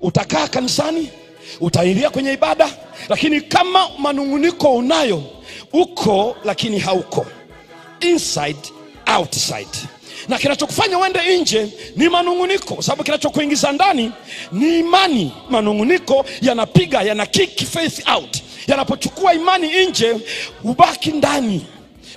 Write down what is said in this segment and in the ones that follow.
Utakaa kanisani, utaingia kwenye ibada, lakini kama manunguniko unayo, uko lakini hauko, inside outside. Na kinachokufanya uende nje ni manunguniko, kwa sababu kinachokuingiza ndani ni imani. Manunguniko yanapiga yana kick faith out, yanapochukua imani nje, ubaki ndani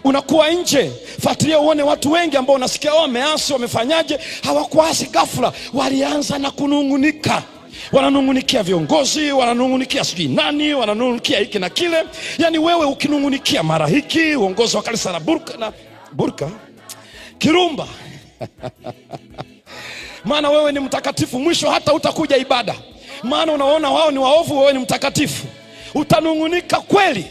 unakuwa nje. Fuatilia uone watu wengi ambao unasikia oh, wameasi, wamefanyaje? Hawakuasi ghafla, walianza na kunungunika wananung'unikia viongozi, wananung'unikia sijui nani, wananung'unikia hiki na kile. Yani wewe ukinung'unikia mara hiki uongozi wa kanisa la burka, na burka kirumba maana wewe ni mtakatifu, mwisho hata utakuja ibada, maana unaona wao ni waovu, wewe ni mtakatifu. Utanung'unika kweli,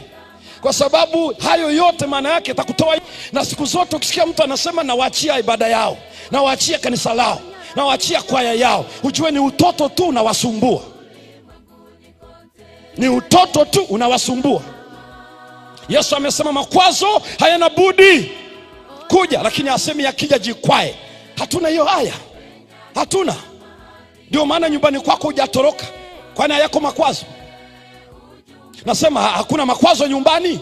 kwa sababu hayo yote maana yake takutoa. Na siku zote ukisikia mtu anasema nawaachia ibada yao, nawaachia kanisa lao nawachia kwaya yao, ujue ni utoto tu unawasumbua, ni utoto tu unawasumbua. Yesu amesema makwazo hayana budi kuja, lakini asemi yakija jikwae. Hatuna hiyo haya, hatuna. Ndio maana nyumbani kwako hujatoroka, kwani hayako makwazo? Nasema hakuna makwazo nyumbani,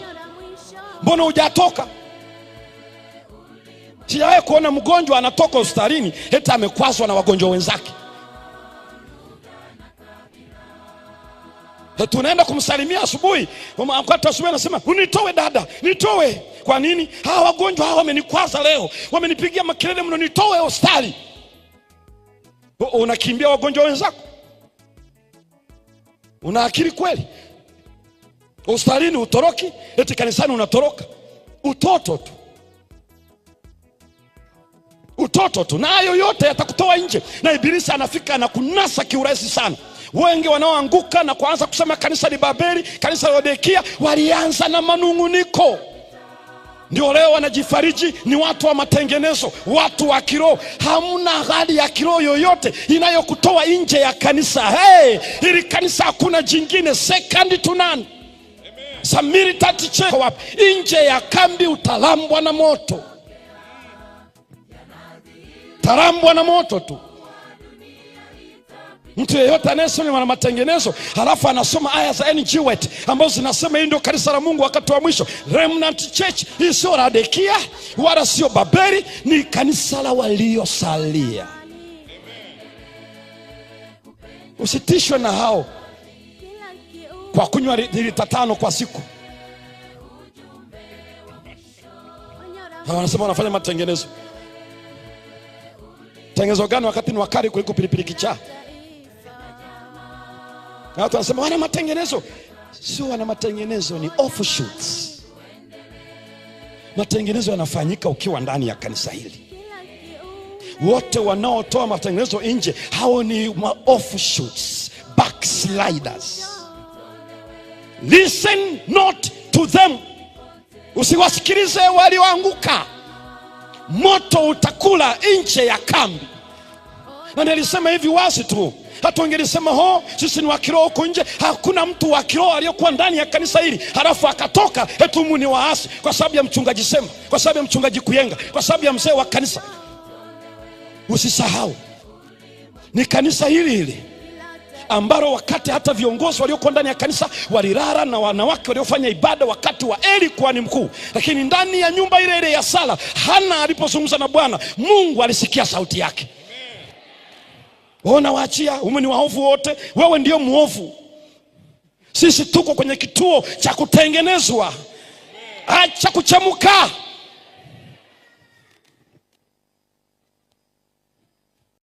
mbona hujatoka? bahati kuona mgonjwa anatoka hospitalini eti amekwazwa na wagonjwa wenzake. Tunaenda kumsalimia asubuhi, asubuhi anasema unitoe dada, nitoe. Kwa nini? Hawa wagonjwa hawa wamenikwaza leo, wamenipigia makelele mno, nitoe hospitali. Unakimbia wagonjwa wenzako? Una akili kweli? Hospitalini utoroki, eti kanisani unatoroka, utoto tu utoto tu, na hayo yote yatakutoa nje, na ibilisi anafika na kunasa kiurahisi sana. Wengi wanaoanguka na kuanza kusema kanisa ni Babeli, kanisa la Laodikia, walianza na manung'uniko, ndio leo wanajifariji ni watu wa matengenezo, watu wa kiroho. Hamna hali ya kiroho yoyote inayokutoa nje ya kanisa. Hey, hili kanisa hakuna jingine, second to none. Samiri taticheko wapi? Nje ya kambi utalambwa na moto tarambwa na moto tu. Mtu yeyote anayesoma na matengenezo halafu anasoma aya za NG ambazo zinasema hii ndio kanisa la Mungu wakati wa mwisho, Remnant Church. Hii sio radekia wala sio Babeli, ni kanisa la waliosalia. Usitishwe na hao kwa kunywa lita tano kwa siku. Wanasema wanafanya matengenezo. Tengezo gani wakati ni wakali kuliko pilipili kichaa? Na watu wanasema wana matengenezo, sio wana matengenezo, ni offshoots. Matengenezo yanafanyika ukiwa ndani ya kanisa hili. Wote wanaotoa matengenezo nje, hao ni offshoots, backsliders. Listen not to them, usiwasikilize walioanguka moto utakula nje ya kambi. Na nilisema hivi wazi tu, hata wangelisema ho, sisi ni wakiroho huko nje. Hakuna mtu wa kiroho aliyokuwa ndani ya kanisa hili halafu akatoka etumu ni waasi, kwa sababu ya mchungaji sema kwa sababu ya mchungaji Kuyenga, kwa sababu ya mzee wa kanisa. Usisahau ni kanisa hili hili ambalo wakati hata viongozi waliokuwa ndani ya kanisa walilala na wanawake waliofanya ibada wakati wa Eli kuhani mkuu, lakini ndani ya nyumba ile ile ya sala, Hana alipozungumza na Bwana Mungu alisikia sauti yake. Waona, waachia ume ni waovu wote, wewe ndio muovu. Sisi tuko kwenye kituo cha kutengenezwa. Acha kuchemuka.